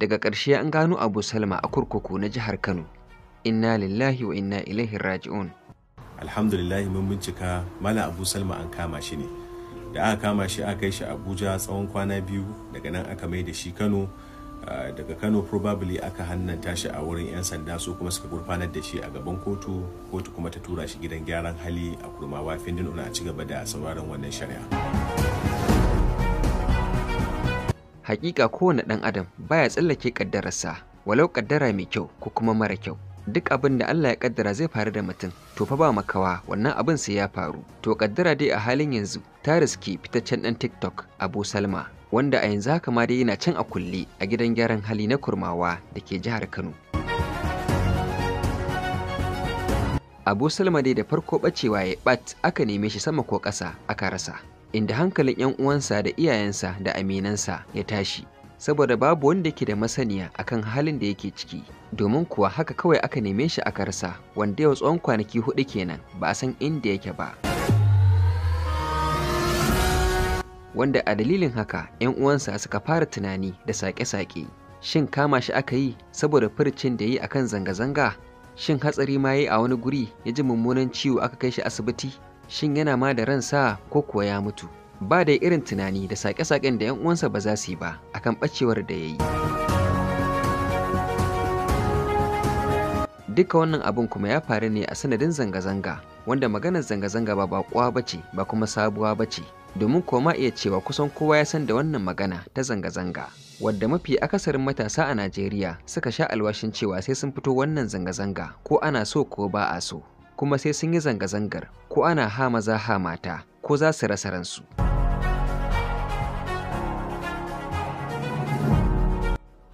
daga ƙarshe an gano abu salma a kurkuku na jihar kano inna lillahi wa inna ilaihi raji'un alhamdulillah mun bincika malam abu salma an kama shi ne da aka kama shi aka kai shi abuja tsawon kwana biyu daga nan aka mai da shi kano ah, daga kano probably aka hannanta shi a wurin 'yan sanda su kuma suka gurfanar da shi a gaban kotu kotu kuma ta tura shi gidan gyaran hali a kurmawa findin a ci gaba da sauraron wannan shari'a Haƙiƙa kowane ɗan adam baya tsallake ƙaddararsa, walau ƙaddara mai kyau ko kuma mara kyau. Duk abin da Allah ya ƙaddara zai faru da mutum, to fa ba makawa wannan abin sai ya faru. To ƙaddara dai a halin yanzu ta riski fitaccen ɗan TikTok Abu Salma, wanda a yanzu haka ma dai yana can a kulle a gidan gyaran hali na Kurmawa da ke jihar Kano. Abu Salma dai da farko ɓacewa ya ɓat aka neme shi sama ko ƙasa aka rasa. inda hankalin 'yan uwansa da iyayensa da aminansa ya tashi saboda babu wanda yake da masaniya akan halin da yake ciki domin kuwa haka kawai aka neme shi a rasa wanda yau tsawon kwanaki hudu kenan ba a san inda yake ba wanda a dalilin haka 'yan uwansa suka fara tunani da sake-sake shin kama shi aka yi saboda furcin da yi akan zanga-zanga shin hatsari ma yi a wani guri ya ji mummunan ciwo aka kai shi asibiti shin yana ma da ransa ko kuwa ya mutu ba da irin tunani da saƙe-saƙen da 'yan uwansa ba za su yi ba akan ɓacewar da ya yi duka wannan abin kuma ya faru ne a sanadin zanga-zanga wanda maganar zanga-zanga ba bakuwa ba ce ba kuma sabuwa ba ce domin koma iya cewa kusan kowa ya san da wannan magana ta zanga-zanga wadda mafi akasarin matasa a najeriya suka sha alwashin cewa sai sun fito wannan zanga-zanga ko ana so ko ba a so kuma sai sun yi zanga-zangar ko ana hama za hamata ko za su rasa ransu.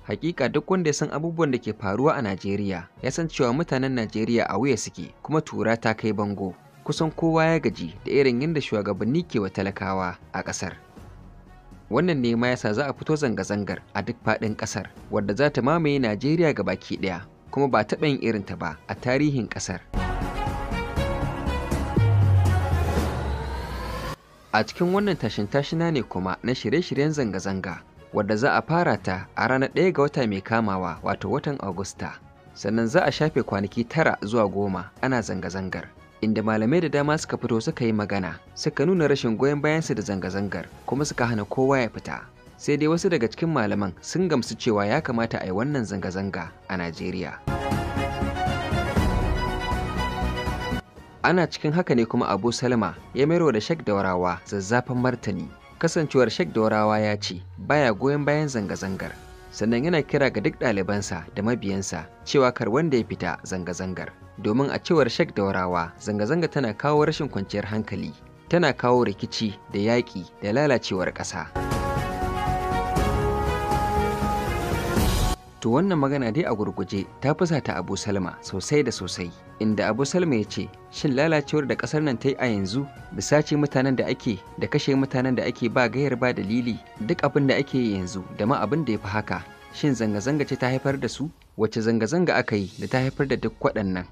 Hakika duk wanda ya san abubuwan da ke faruwa a Najeriya ya san cewa mutanen Najeriya a wuya suke kuma tura ta kai bango. Kusan kowa ya gaji da irin yadda shugabanni ke wa talakawa a ƙasar. Wannan ne ma yasa za a fito zanga-zangar a duk faɗin ƙasar wadda za ta mamaye Najeriya ga baki ɗaya kuma ba taɓa yin irinta ba a tarihin ƙasar. a cikin wannan tashin-tashina ne kuma na shirye-shiryen zanga-zanga wadda za a fara ta a ranar ɗaya ga wata mai kamawa wato watan agusta sannan za a shafe kwanaki tara zuwa goma ana zanga-zangar inda malamai da dama suka fito suka yi magana suka nuna rashin goyon bayansu da zanga-zangar kuma suka hana kowa ya fita sai dai wasu daga cikin malaman sun gamsu cewa ya kamata a yi wannan zanga-zanga a najeriya ana cikin haka ne kuma abu salma ya mero da shek daurawa zazzafan martani kasancewar shek daurawa ya ce baya goyon bayan zanga-zangar sannan yana kira ga duk ɗalibansa da mabiyansa cewa kar wanda ya fita zanga-zangar domin a cewar shek daurawa zanga-zanga tana kawo rashin kwanciyar hankali tana kawo rikici da yaƙi da lalacewar ƙasa. to wannan magana dai a gurguje ta fusata abu salma sosai da sosai inda abu salma ya ce shin lalacewar da ƙasar nan ta yi a yanzu da sace mutanen da ake da kashe mutanen da ake ba gayar ba dalili duk abin da ake yi yanzu da ma abin da ya fi haka shin zanga-zanga ce ta haifar da su wacce zanga-zanga aka yi da ta haifar da duk waɗannan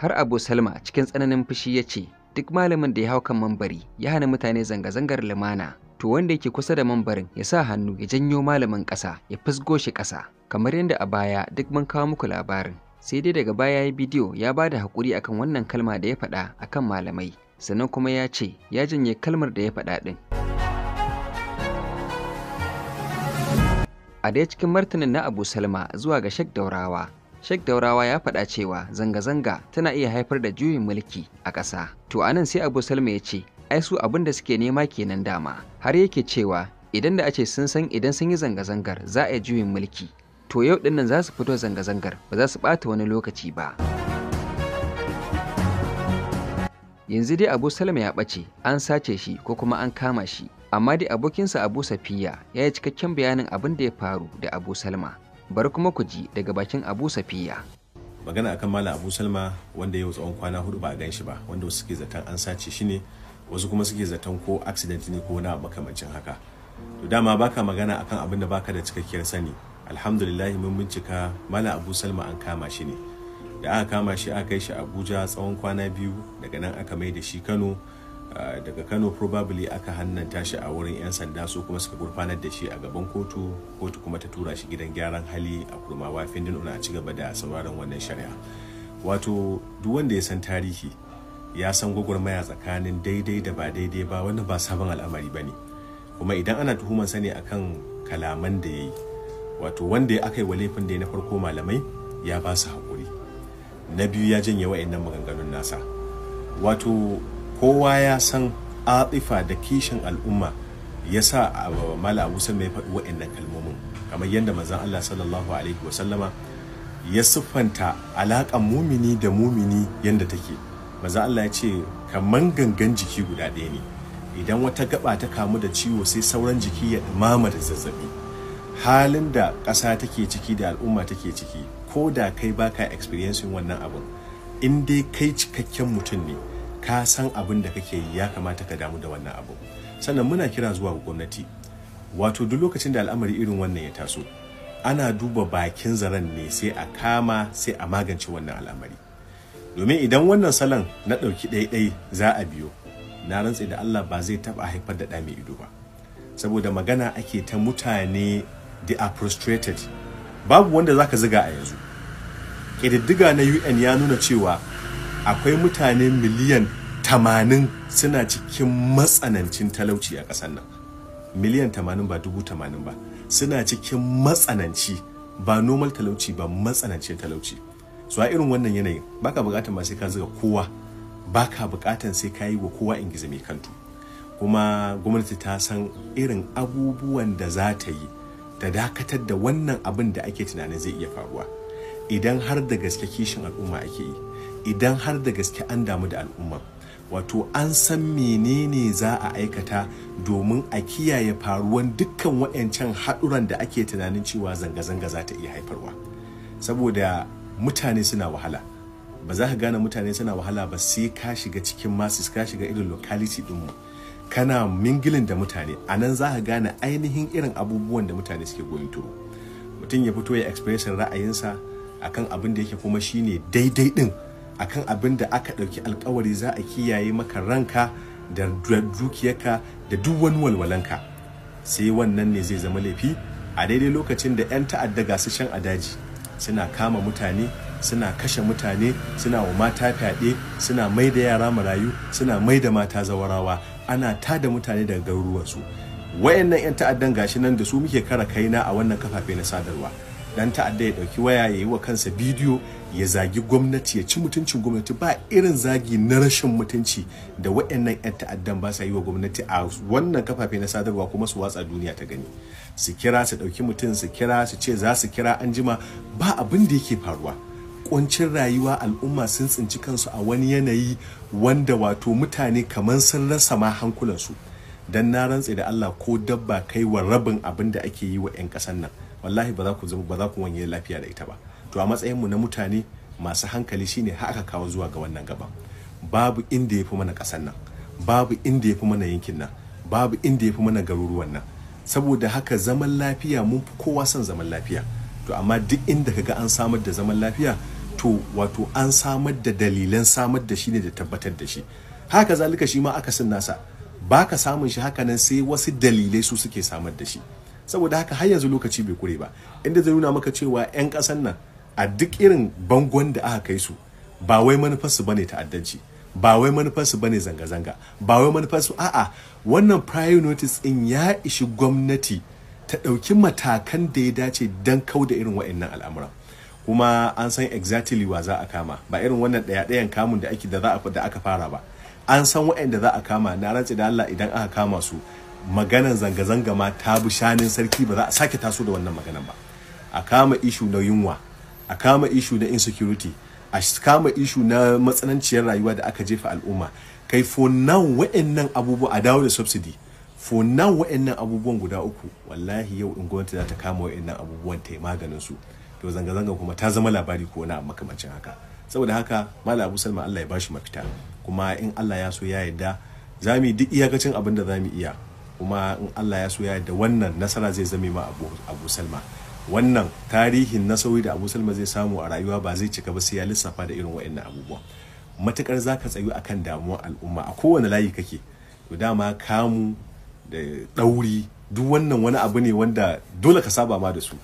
har abu salma cikin tsananin fushi ya ce duk malamin da ya hau kan mambari ya hana mutane zanga-zangar lumana to wanda yake kusa da mambarin ya sa hannu ya janyo malamin ƙasa ya fusgo shi ƙasa kamar yadda a baya duk mun kawo muku labarin sai dai daga baya ya yi bidiyo ya ba da haƙuri akan wannan kalma da ya faɗa akan malamai sannan kuma ya ce ya janye kalmar da ya faɗa ɗin a daya cikin martanin na abu salma zuwa ga shek daurawa shek Daurawa ya faɗa cewa zanga-zanga tana iya haifar da juyin mulki a ƙasa. To a nan sai Abu Salma ya ce, ai su abin da suke nema kenan dama har yake cewa idan da a ce sun san idan sun yi zanga-zangar za a yi juyin mulki to yau dinnan za su fito zanga-zangar ba za su ɓata wani lokaci ba yanzu dai abu salma ya ɓace an sace shi ko kuma an kama shi amma dai abokinsa abu safiya ya yi cikakken bayanin abin da ya faru da abu salma bari kuma ku ji daga bakin abu safiya magana akan malam abu salma wanda yau tsawon kwana hudu ba a gan ba wanda wasu suke zaton an sace shi ne wasu kuma suke zaton ko accident ne ko na makamancin haka to dama baka magana akan abin da baka da cikakkiyar sani alhamdulillah mun bincika mala abu salma an kama shi ne da aka kama shi aka kai shi abuja tsawon kwana biyu daga nan aka mai da shi kano ah, daga kano probably aka hannanta shi a wurin 'yan sanda su kuma suka gurfanar da shi a gaban kotu kotu kuma ta tura shi gidan gyaran hali a kurmawa findin una a ci gaba da sauraron wannan shari'a wato duk wanda ya san tarihi ya san gwagwarmaya tsakanin daidai da ba daidai ba wani ba sabon al'amari ba ne kuma idan ana tuhumar sani ne kan kalaman da ya yi wato wanda ya aka yi wa laifin da ya na farko malamai ya ba su haƙuri na biyu ya janye nan maganganun nasa wato kowa ya san atsifa da kishin al'umma ya sa mala abu ya faɗi nan kalmomin kamar yadda mazan Allah sallallahu alaihi wa sallama ya siffanta alaƙan mumini da mumini yadda take maza Allah ya ce kaman gangan jiki guda ɗaya ne idan wata gaba ta kamu da ciwo sai sauran jiki ya ɗumama da zazzabi halin da ƙasa take ciki da al'umma take ciki ko da kai baka experiencing wannan abun in dai kai cikakken mutum ne ka san abin da kake yi ya kamata ka damu da wannan abu sannan muna kira zuwa ga gwamnati wato duk lokacin da al'amari irin wannan ya taso ana duba bakin zaren ne sai a kama sai a magance wannan al'amari domin idan wannan salon na ɗauki ɗaiɗai za a biyo na rantse da Allah ba zai taɓa haifar da ɗa mai ido ba saboda magana ake ta mutane they are prostrated babu wanda za ka ziga a yanzu ƙididdiga na un ya nuna cewa akwai mutane miliyan tamanin suna cikin matsanancin talauci a ƙasar nan miliyan tamanin ba dubu tamanin ba suna cikin matsananci ba normal talauci ba matsanancin talauci so a irin wannan yanayin baka bukatar ma sai ka zuga kowa baka bukatar sai ka yi wa kowa ingiza mai kantu kuma gwamnati ta san irin abubuwan da za ta yi ta dakatar da wannan abin da ake tunanin zai iya faruwa idan har da gaske kishin al'umma ake yi idan har da gaske an damu da al'umma wato an san menene za a aikata domin a kiyaye faruwan dukkan waɗancan haɗuran da ake tunanin cewa zanga-zanga za ta iya haifarwa saboda mutane suna wahala ba za ka gane mutane suna wahala ba sai ka shiga cikin masis ka shiga irin locality dinmu kana mingilin da mutane a nan za ka gane ainihin irin abubuwan da mutane suke goyon turu mutum ya fito ya expression ra'ayinsa akan abin da yake kuma shine daidai din akan abin da aka ɗauki alkawari za a kiyaye maka ranka da dukiyarka da duk wani walwalanka sai wannan ne zai zama laifi a daidai lokacin da 'yan ta'adda gasu shan a daji suna kama mutane suna kashe mutane suna wa mata fyaɗe suna mai da yara marayu suna mai da mata zawarawa ana ta da mutane daga garuruwansu wayannan 'yan ta'addan gashi nan da su muke kara kaina a wannan kafafe na sadarwa dan ta'adda ya dauki waya ya yi wa kansa bidiyo ya zagi gwamnati ya ci mutuncin gwamnati ba irin zagi na rashin mutunci da waɗannan 'yan ta'addan ba sa yi wa gwamnati a wannan kafafe na sadarwa kuma su watsa duniya ta gani su kira su ɗauki mutum su kira su ce za su kira an jima ba abin da yake faruwa kuncin rayuwa al'umma sun tsinci kansu a wani yanayi wanda wato mutane kamar sun rasa ma hankulansu don na rantse da Allah ko dabba kai wa rabin abin da ake yi wa 'yan ƙasan nan wallahi ba za ku zama ba za ku wanye lafiya da ita ba to a matsayin mu na mutane masu hankali shine har aka kawo zuwa ga wannan gaban babu inda yafi mana kasan nan babu inda yafi mana yankin nan babu inda yafi mana garuruwan nan saboda haka zaman lafiya mun fi kowa son zaman lafiya to amma duk inda kaga an samar da zaman lafiya to wato an samar da dalilan samar da shi ne da tabbatar da shi haka zalika shi ma aka sun nasa baka samun shi haka nan sai wasu dalilai su suke samar da shi saboda haka har yanzu lokaci bai kure ba inda zai nuna maka cewa 'yan ƙasan nan a duk irin bangon da aka kai su ba wai manufarsu bane ta'addanci ba wai manufarsu bane zanga-zanga ba wai manufarsu a'a wannan prior notice in ya ishi gwamnati ta ɗauki matakan da ya dace dan kau da irin wa'annan al'amuran kuma an san exactly wa za a kama ba irin wannan ɗaya-ɗayan kamun da ake da za a da aka fara ba an san wa'anda za a kama na rantsi da Allah idan aka kama su maganan zanga-zanga ma ta bi shanin sarki ba za a sake taso da wannan maganan ba a kama ishu na yunwa a kama ishu na insecurity a kama ishu na matsananciyar rayuwa da aka jefa al'umma kai for now wa'annan abubuwa a dawo da subsidy for now wa'annan abubuwan guda uku wallahi yau in gwamnati za ta kama wa'annan abubuwan ta yi maganin su to zanga-zanga kuma ta zama labari ko na makamancin haka saboda haka malam abu salma allah ya bashi mafita kuma in allah ya so ya yarda za mu yi duk iyakacin abin da za mu iya kuma in Allah ya so ya da wannan nasara zai zame ma Abu Salma wannan tarihin nasarori da Abu Salma zai samu a rayuwa ba zai cika ba sai ya lissafa da irin wa'annan abubuwa matukar zaka tsayu akan damuwar al'umma a kowane layi kake to dama kamu da ɗauri duk wannan wani abu ne wanda dole ka saba ma da su.